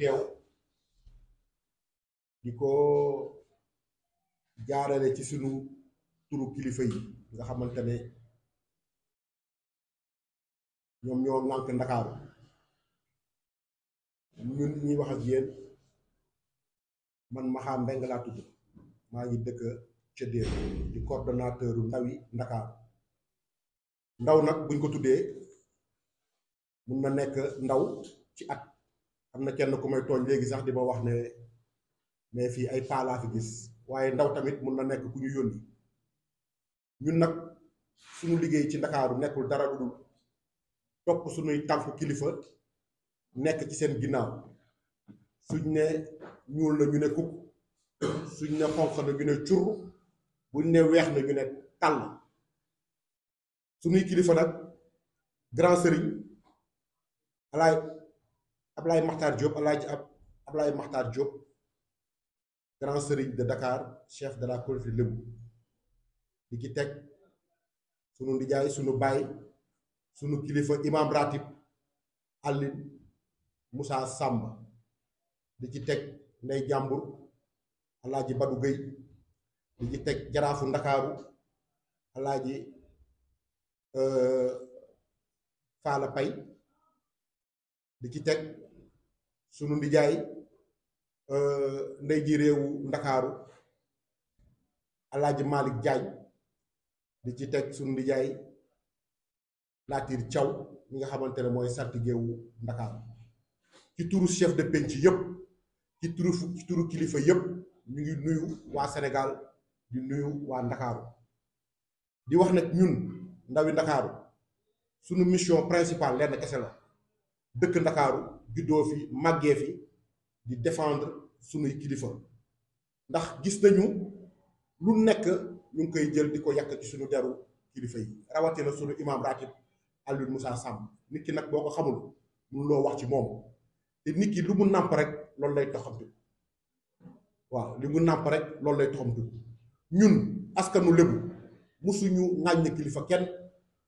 teew di ko jaarale ci sunu turu kilifa yi nga xamante ne ñoom ñoo nànk ndakaaru ñun ñuy wax ak yéen man Maxa Mbeng laa tudd maa ngi dëkk ca déer di coordonnateur ndaw yi ndakaaru ndaw nag buñ ko tuddee mun na nekk ndaw ci at am na kenn ku may tooñ léegi sax di ma wax ne mais fii ay paa gis waaye ndaw tamit mun na nekk ku ñu yónni ñun nag suñu liggéey ci ndakaaru nekkul dara lu dul topp suñuy tànk kilifa nekk ci seen ginnaaw suñ ne ñuul na ñu ne kukk suñ ne xonq na ñu ne cur buñ ne weex na ñu ne tàll suñuy kilifa nag grand sëriñ alaay Ablaye Makhtar Diop Alaaji ab Ablaye Makhtar Diop grand sëriñ de Dakar chef de la confrérie Lébu ci teg sunu ndijaay sunu baay sunu kilifa imam ratib Alin Moussa Samba di ci teg Ndey Jàmbur Alaaji Badu Gëy di ci teg jaraafu Ndakaaru Alaaji euh, Faala Pay di ci teg sunu ndijaay euh, ndey ji réewu ndakaaru alaaji Malick Jaay di ci teg sunu ndijaay Latir Thiaw mi nga xamante ne mooy sartigéewu ndakaaru ci turu chef de penc yëpp ci turu ci turu kilifa yëpp ñu ngi nuyu waa Sénégal di nuyu waa ndakaaru di wax nag ñun ndawi ndakaaru sunu mission principale lenn kese la dëkk ndakaaru juddoo fi màggee fi di défendre sunuy kilifa ndax gis nañu lu nekk ñu ngi koy jël di ko yàq ci suñu deru kilifa yi rawatina sunu imam ratib Alioune Moussa Samb nit ki nag boo ko xamul mënuloo wax ci moom te nit ki lu mu nàmp rek loolu lay toxamtu waaw li mu nàmp rek loolu lay toxamtu ñun askanu lébu musuñu ŋàññ kilifa kenn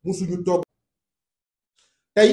musuñu toog tey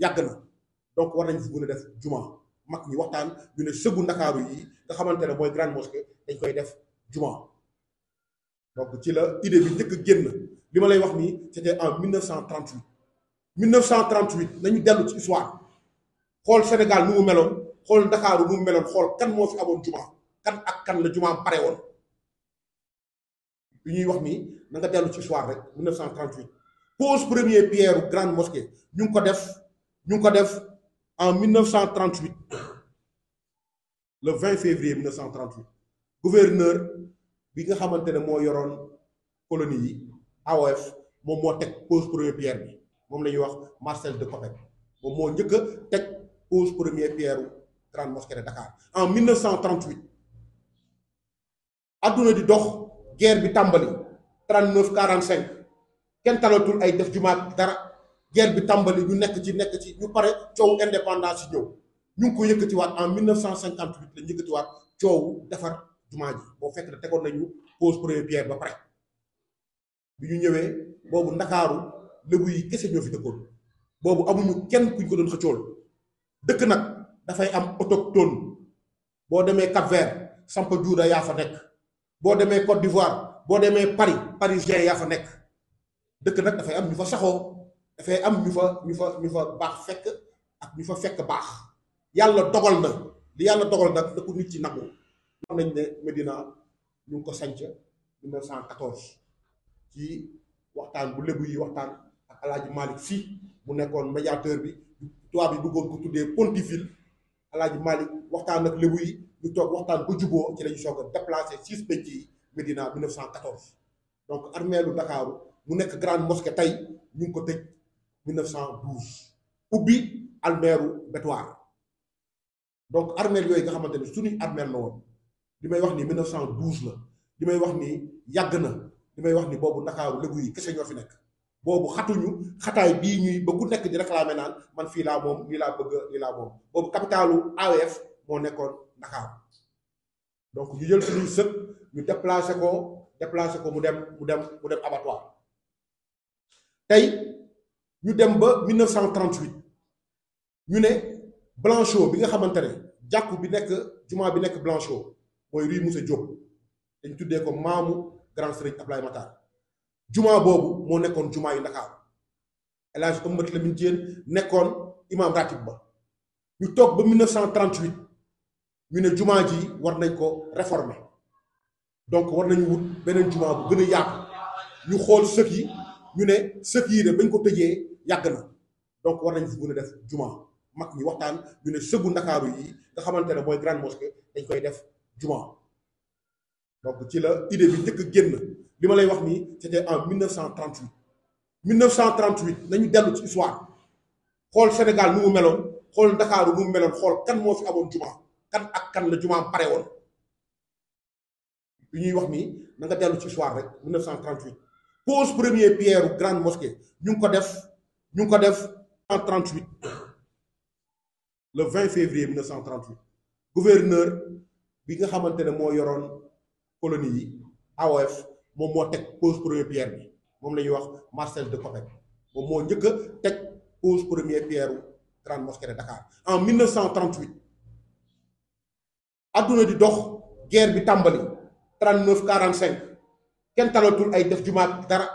yàgg donc war nañ fi mën def juma mak ñi waxtaan ñu ne sëggu ndakaaru yi nga xamantene moy grande mosquée dañ koy def juma donc ci la idée bi njëkk génn li lay wax ni c'était en 1938 1938 nañu delu ci histoire xol Sénégal nu mu meloon xool ndakaaru nu mu meloon xool kan mo fi amoon juma kan ak kan la juma paré won li ñuy wax ni na nga delu ci histoire rek 1938 pose premier pierre grande mosquée ñu ko def. Nous avons en 1938 le 20 février 1938 gouverneur bi nga fait colonie AOF mon moo teg premier première pierre bi moom Marcel de Coppet mon moo njëkk a teg premier première pierre grande mosquée de Dakar en 1938 Aduna di dox guerre bi tambali 39 45 kenn talatul ay def de dara guerre bi tàmbali ñu nekk ci nekk ci ñu paré ciow indépendance yi ñëw ñu ko yëkëti waat en 1958 la ñu waat ciow defar jumaa bo fekk ne tegoon nañu pose premier pierre ba paré bi ñu ñëwé bobu ndakaaru lébu yi kese ñoo fi dëkkoon amuñu kenn kuñ ko doon xëccool dëkk da fay am autochtone bo démé Cap-Vert Sampa Juuda ya fa nek bo démé Côte d'Ivoire bo démé Paris parisien ya fa nekk dëkk da fay am ñu fa saxoo dafay am ñu fa ñu fa ñu fa baax fekk ak ñu fa fekk baax yàlla dogal na li yàlla dogal na da ko nit ci nangu xam nañ ne Medina ñu ngi ko sanc 1914 ci waxtaan bu lébu yi waxtaan ak alaaji Malick Sy mu nekkoon médiateur bi tubaab bi bëggoon ko tuddee Pontiville alaaji Malick waxtaan ak lébu yi ñu toog waxtaan ba juboo ci lañu soog a déplacé six penc yi cent 1914 donc armée lu Ndakaaru mu nekk grande mosquée tey ñu ngi ko tëj 1912 ubbi almeru betoire donc armeel yooyu nga xamanteni suñu suñuy armeel la woon li wax ni 1912 la li wax ni yàgg na li wax ni bobu ndakaaru legui kessé kese nek bobu xatuñu xataay bi ñuy ba nek di réclamer naan man fi la mom lii la bëgg lii la mom bobu capitalu AF mo nekkon ndakaaru donc ñu jël suñuy sëp ñu déplacer ko déplacer ko mu dem mu dem mu dem abattoir tay ñu dem en 1938 ñu sommes Blanchot bi nga xamante Nous bi bi Blanchot moy rue Moussa Diop dañ ko grand Ablaye Matar bobu mo Nous yi dakar Lamine imam ratib ba ñu tok ba 1938 ñu né Nous ji war réformer donc war nañ wut un Juma bu sommes yaak ñu xol sëk yi ñu né sëk yi de bañ ko yagna donc war nañ ci mën def juma mak ñi waxtaan ñu ne sëgu ndakaaru yi nga xamantene moy grande mosquée dañ koy def juma donc ci la idée bi dëkk génn li ma lay wax ni c'était en 1938 1938 nañu dellu ci histoire xool Sénégal nu mu meloon xool ndakaaru nu mu meloon xool kan moo fi amoon juma kan ak kan la juma paré woon bi ñuy wax ni na nga dellu ci histoire rek 1938 pose premier pierre grande mosquée ñu ngi ko def. Nous avons en 1938, le 20 février 1938 gouverneur de nga colonie AOF a fait teg pause première pierre bi moom Marcel de Copec. Mon mot a teg première pierre grande mosquée de Dakar en 1938 adduna di dox guerre bi Tambali, 39 45 kenn talatul ay def le dara.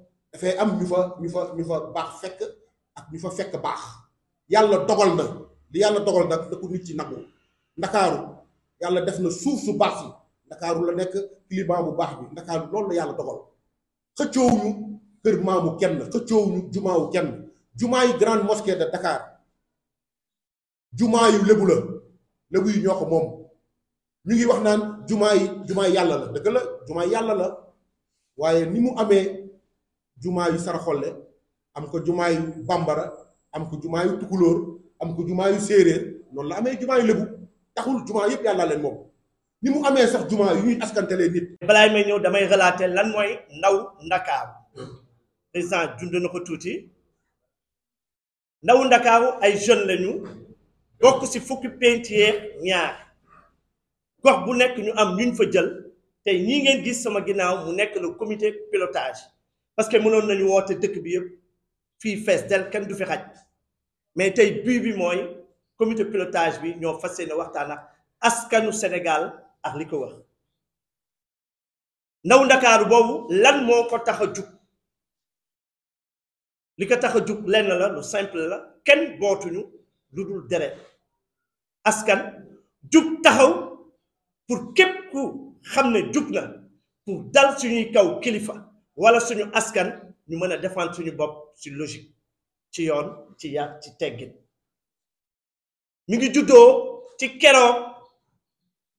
dafay am ñu fa ñu fa ñu fa baax fekk ak ñu fa fekk baax yàlla dogal na li yàlla dogal nag da ko nit ci nangu ndakaaru yàlla def na suuf su baax yi ndakaaru la nekk climat bu baax bi ndakaar loolu la yàlla dogal xëccoowuñu kër maamu kenn xëccoowuñu jumaawu kenn jumaa yu grande mosquée de Dakar jumaa yu lébu la lébu yi ñoo ko moom ñu ngi wax naan jumaa yi jumaa yàlla la dëgg la jumaa yàlla la waaye ni mu amee jumaa yu Saraxolle am ko jumaa yu bambara am ko jumaa yu tukulóor am ko jumaa yu séeréer noonu la amee jumaa yu lébu taxul jumaa yëpp yàllaa leen moom ni mu amee sax jumaa yu ñuy askantelee nit. balaay may ñëw damay relater lan mooy ndaw ndakaaru président jund na ko tuuti ndaw ndakaaru ay jeunes lañu bokk ci fukki pentier ñaar gox bu nekk ñu am ñuñ fa jël te ñi ngeen gis sama ginnaaw mu nekk le comité pilotage. parce que mënoon nañu woote dëkk bi yëpp fii fees del kenn du fi xaj mais tey bii bi mooy comité pilotage bi ñoo fas yéene waxtaan askanu Sénégal ak liko wax ndaw ndakaaru bobu lan moko taxa juk liko taxa juk ko lenn la lu simple la ken botuñu lu dul askan juk taxaw pour képp ku xamné ne na pour dal suñuy kaw kilifa wala suñu askan ñu mën a défendre suñu bopp ci logique ci yoon ci yar ci teggin mi ngi juddoo ci keroog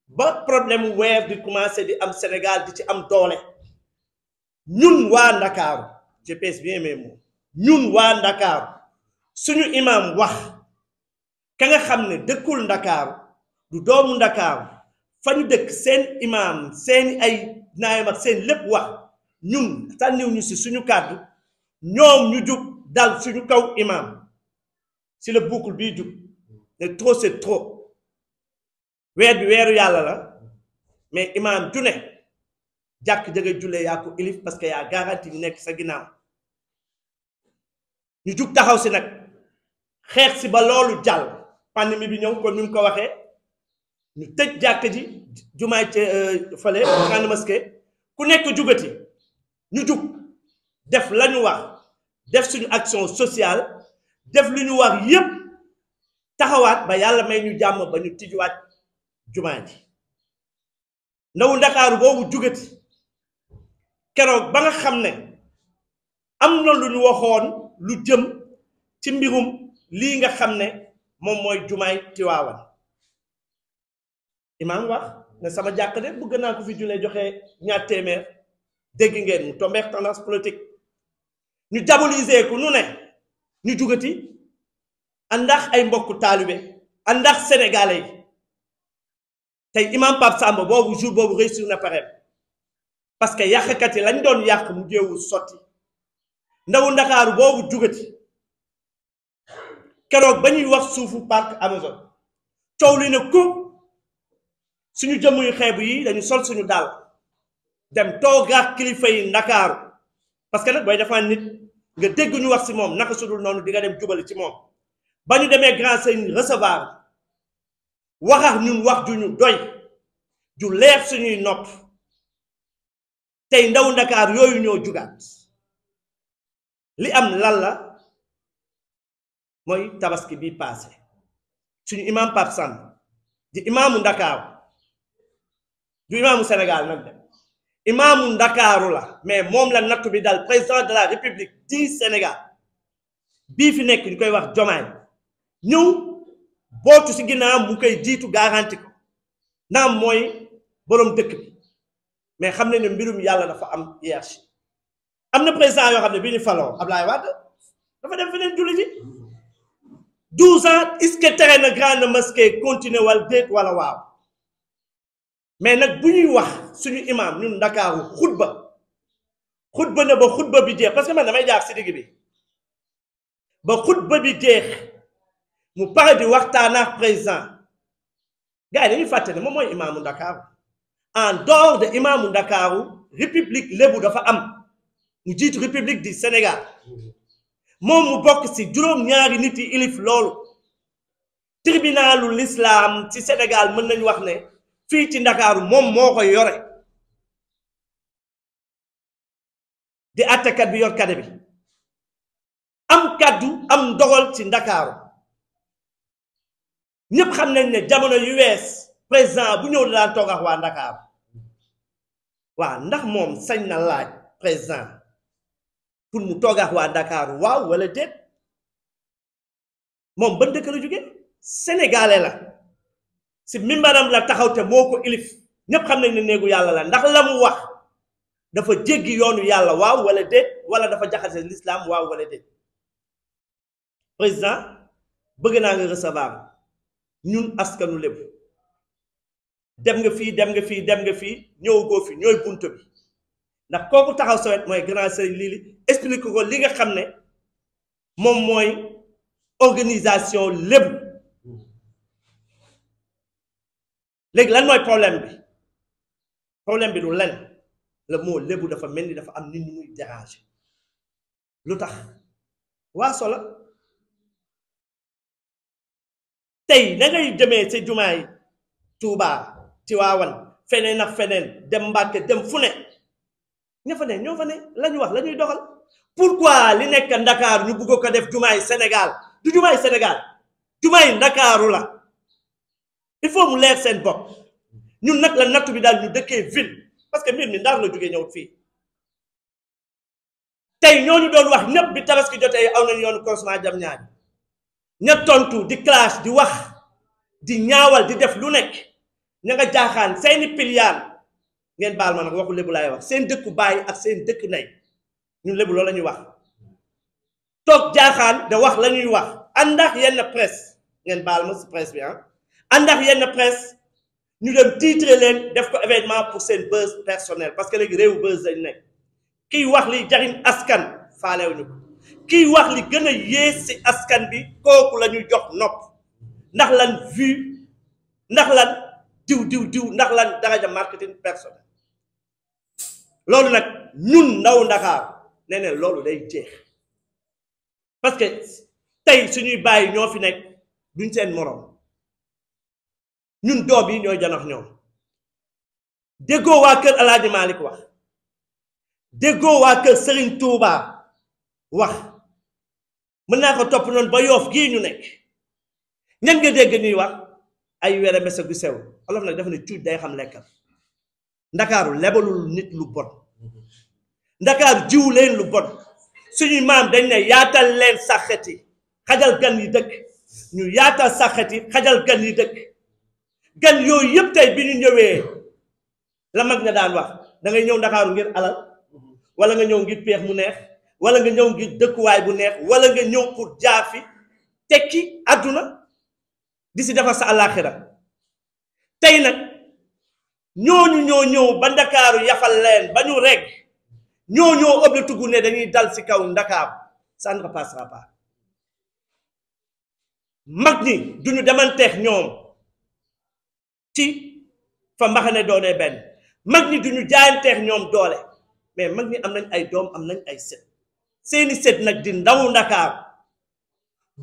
ba problème weer di commencé di am Sénégal di ci am doole ñun waa Ndakaaru je pèse bien mes ñun waa Ndakaaru suñu imam wax ka nga xam ne dëkkul Ndakaaru du doomu Ndakaaru fa ñu dëkk seen imam seen ay naayam ak seen lépp wax Nous, Nous ñu nous suñu nous ñom ñu dal suñu kaw imam si le boucle bi trop c'est trop wér bi yalla la mais imam ju ne jak julle qui ko parce que ya garanti ñu sa ginnaaw ñu jug taxaw si nak xeex si ba lolu Je pandémie bi ñew ni ko waxee ñu ji euh, fale mosquée ku ñu jug def lañu wax def suñu action sociale def lu ñu wax yépp taxawaat ba yàlla may ñu jàmm ba ñu tijjuwaat jumaa ji ndawu ndakaaru boobu jugati keroog ba nga xam ne am na lu ñu waxoon lu jëm ci mbirum lii nga xam ne moom mooy jumaay Tiwaawan imaam wax ne sama jàkk de bëgg naa ko fi julee joxe ñaar dégg ngeen tendance politique ñu diaboliser ko nous ne ñu jugati àndax ay mbokku talibé àndax sénégalais tay imam pap Samba bobu jour bobu réussir na pareem parce que yàqkat yi lañ doon yak mu jéewu soti ndawu ndakaaru bobu jugati keroog bañuy wax suufu parc Amazon coow li ne ku suñu jëmm yu xeebu yi dañu sol suñu dal dem toogaat kilifa yi ndakaaru parce que nag booy defaan nit nga dégg ñu wax si moom naka sudul noonu di nga dem jubali ci moom ba ñu demee grand sëñ recevoir waxax ñun wax ju ñu doy ju leer suñuy nopp tey ndaw ndakaar yooyu ñoo jugaat li am lan la mooy tabaski bi passé suñu imam Pape Samb di imaamu ndakaaru du imaamu Sénégal nag dem Imam Dakar, mais mon la président de la république du Sénégal nous fi nekk ñu koy Nous, jomaay ñëw bootu si nous avons koy garanti nous avons dit. bi mais xam ne mbirum avons dafa am nous président dit, nous bi dit nous dafa ans est-ce que grande mosquée continuer ou wala mais nag bu ñuy wax suñu imaam ñun ndakaaru xutba xutba na ba xutba bi jeex parce que man damay jaar si digg bi ba xutba bi jeex mu pare di waxtaanaa président gars yi dañuy fàtte ne moom mooy imaamu ndakaaru en dehors de imaamu ndakaaru république lébu dafa am mu jiitu république du Sénégal moom mu bokk si juróom-ñaari nit yi ilif loolu tribinalu l'islam ci Sénégal mën nañu wax ne fii ci ndakaaru moom moo ko yore di attekat bi yor kade bi am kàddu am dogal ci ndakaaru ñépp xam nañ ne jamono yu wees président bu ñëw daan toog ak waa ndakaaru waa ndax moom sañ na laaj président pour mu toog ak waa ndakaaru waaw wala déet moom ban dëkk la jóge sénégalais la si mimbaram la taxawte moko ilif ñépp xam nañ ne néegu yàlla la ndax la wax dafa jéggi yoonu yalla waaw wala déet wala dafa jaxase l'islam waaw wala déet président bëgg naa nga recevoir ñun askanu lepp dem nga fii dem nga fii dem nga fii ñëw goo fi ñooy bunt bi ndax kooku taxaw sawet mooy grand sëriñ lii li explique ko li nga xam ne moom mooy organisation lépp léegi lan mooy problème bi problème bi du len le mot lébu dafa mel ni dafa am nit ñu muy déranger lu tax waa solo tey na ngay jëmee ci jumaa yi tuubaa tiwaawan feneen ak feneen dem mbàkke dem fu ne ña fa ne ñoo fa ne lañu wax lañuy doxal pourquoi li nekk ndakaaru ñu bëgg ko def jumaa yi sénégal du jumaa yi sénégal jumaa yi ndakaaru la il faut mu leer seen bopp ñun nag la nattu bi daal ñu dëkkee ville parce que mbir mi nag la jógee ñëw fii tey ñooñu doon wax ñëpp bi tabaski jotee aw nañu yoonu consomment jam ñaari ña tontu di clash di wax di ñaawal di def lu nekk ña nga jaaxaan seeni piliyaan ngeen baal ma nag waxu lébu laay wax seen dëkku bàyyi ak seen dëkk nay ñu lébu loolu la ñuy wax toog jaaxaan da wax la ñuy wax àndax yenn presse ngeen baal ma si presse bi ah En arrière de presse nous titre pour ses buzz personnel parce que un réew buzz lañ qui kiy wax li jariñ askan ko Qui wax li a askan bi jox ndax ndax diw diw diw ndax marketing personnel nak ñun ndaw nous day parce que tay suñuy bàyyi ñoo fi duñ ñun doom yi ñooy janox ñoom déggoo waa kër alaaji Malick wax déggoo waa kër Serigne Touba wax mën naa ko topp noonu ba yoof gi ñu nekk ñan nga dégg ñuy wax ay were mese gu sew olof nag def na cuuj day xam lekkal ndakaaru lebalul nit lu bon ndakaaru jiw lu bot suñuy maam dañ ne yaatal leen saxeti xajal gan yi dëkk ñu yaatal saxeti xajal gan yi dëkk gan yooyu yëpp tey bi ñu ñëwee la mag nga daan wax da ñëw ndakaaru ngir alal wala nga ñëw ngir peex mu neex wala nga ñëw ngir dëkkuwaay bu neex wala nga ñëw pour jaafi tekki àdduna di si defar sa àllaaxira tey nag ñooñu ñoo ñëw ba ndakaaru yafal leen ba ñu reg ñoo ñoo ëpp tugg ne dañuy dal ci kaw ndakaaru ça ne passera pas mag ñi duñu demanteex ñoom ci fa mbaxane doonee benn mag ñi duñu jaayanteex ñoom doole mais mag ñi am nañ ay doom am nañ ay sët seeni set nag di ndawu ndakaaru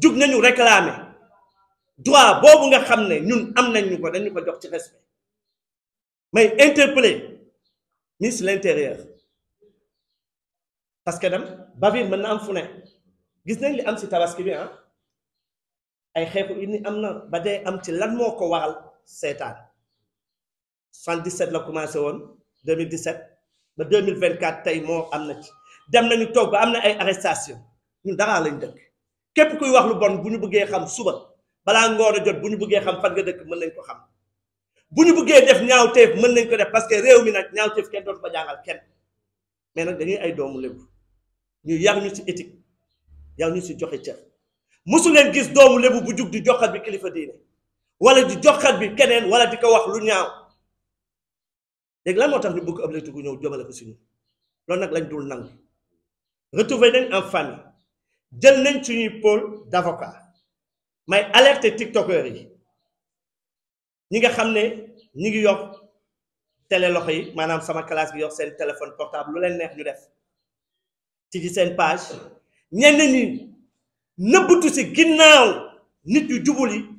jug nañu réclamer droit boobu nga xam ne ñun am nañ ñu ko dañu ko jox ci respect may interpeller ministre l'intérieur parce que dem bavir mën na am fu ne gis nañ li am ci tabaski bi ah ay xeexu ini am na ba dee am ci lan moo ko waral seetaan 77 la commencé woon 2017 ba 2024 tey moo am na ci dem nañu toog ba am na ay arrestation ñun daraa lañ dëkk képp kuy wax lu bon bu ñu bëggee xam suba balaa ngoor a jot bu ñu bëggee xam fan nga dëkk mën nañ ko xam bu ñu bëggee def ñaaw ñaawteef mën nañ ko def parce que réew mi nag ñaawteef kenn doon ba jàngal kenn mais nag dañuy ay doomu lébu ñu yar ñu ci éthique yar ñu ci joxe cër mosu leen gis doomu lébu bu jug di joxal kilifa diine wala di joxat bi keneen wala di ko wax lu ñaaw léegi lan moo tax ñu bëgg ëblati ku ñëw jëmale ko si ñun loolu nag lañ dul nang retrouver nañ en famille jël nañ suñuy pôle d'avocat may alerte tiktokeur yi ñi nga xam ne ñi ngi yor télé loxo yi maanaam sama classe bi yor seen téléphone portable lu leen neex ñu def ci di seen page ñenn ñi nëbbatu si ginnaaw nit yu jubul yi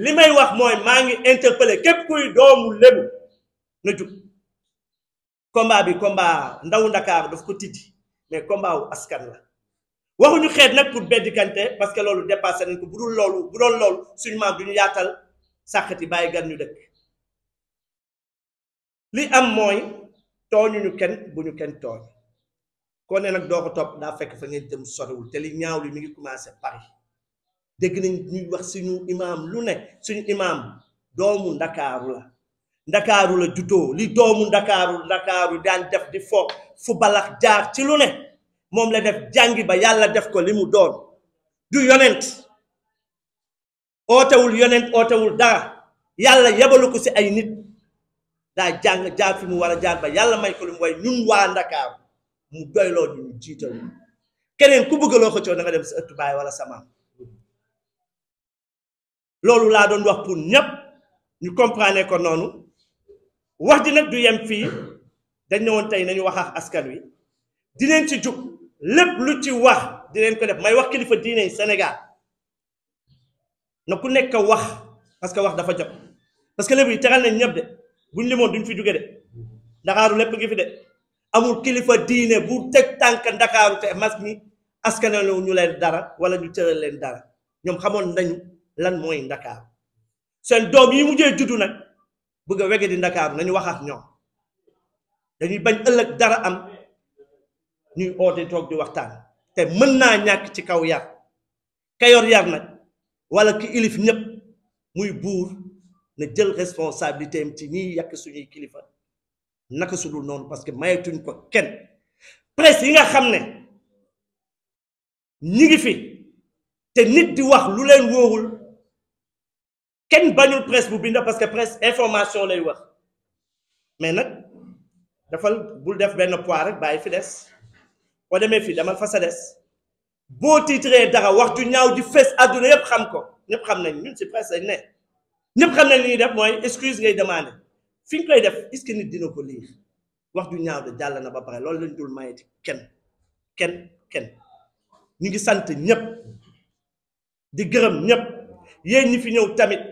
li may wax mooy maa ngi interpellé képp kuy doomu lébu na jug combat bi combat ndawu ndakaar daf ko tiddi mais combat wu askan la waxuñu xeet nag pour beddikante parce que loolu dépassé nañ ko bu dul loolu bu doon loolu suñu maam du ñu yaatal sàqati bàyyi gan ñu dëkk li am mooy tooñuñu kenn bu ñu kenn tooñ koo ne nag doo ko topp daa fekk fa ngeen jëm soriwul te li ñaaw li ñu ngi commencé Paris dégg nañ ñuy wax suñu imaam lu ne suñu imaam doomu ndakaaru la ndakaaru la juddoo li doomu ndakaaru ndakaaru daan def di fo fu balax jaar ci lu ne moom la def jàngi ba yàlla def ko li mu doon du yonent ootewul yonent ootewul dara yàlla yebalu ko si ay nit daa jàng jaar fi mu war a jaar ba yàlla may ko li mu way ñun waa ndakaaru mu doyloo ñu jiital keneen ku bëggaloo ko coow da dem sa ëttu baay wala samaam lolou la doon wax pour ñep ñu comprendre ko noonu wax di nak du yem fi dañ ne tay nañu wax ak askan wi di len ci juk lepp lu ci wax di len ko def may wax kilifa diine senegal na ku nekk wax parce que wax dafa jot parce que lépp yi teral nañ ñep de buñ limoon duñ fi jóge de ndakaaru lepp ngi fi de amul kilifa diine bu tek tank ndakaaru te mas mi askan ñu leen dara wala ñu tëral leen dara ñom xamone nañu lan moy dakar seen doom yi mujjee juddu nag bëgg a di dakar nañu wax ak dañuy bañ ëllëg dara am ñuy oote tok di waxtaan té mën naa ci kaw yar kayor yar nak wala ki ilif ñep muy bour na jël responsabilité am ci yak suñuy kilifa naka parce que mayetuñ ko ken presse yi nga ñi fi nit di wax lu leen Ken bañul presse bu binda parce que presse information lay wax mais nak dafal bul def ben poire rek baye fi dess. boo demé fi dama fa sa des boo tiitree dara wax ju ñaaw di fess aduna yëpp xam ko ñëpp xam nañ ñun ci presse lañ né. ñëpp xam nañ li def moy excuse ngay demander. fi nga koy def est-ce que nit dina ko lire wax du ñaaw de jall na ba pare loolu lañ dul mayeti ken. Ken ken. ñu ngi sante ñëpp di gërëm ñëpp yéen ñi fi ñew tamit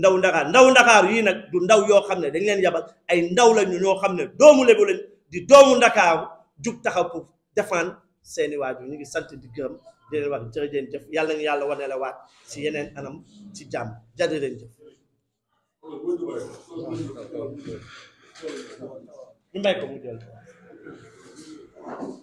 ndaw ndakaar ndaw ndakaar yii nag du ndaw yoo xam ne dañ leen yabal ay ndaw lañu ñoo xam ne doomu Lebu lañ di doomu ndakaaru jub taxaw pour défendre seeni waajur ñu ngi sant di gërëm di leen wax jërëjëf jëf yàlla na yàlla wane la waat yeneen anam ci jàmm jërë leen jëf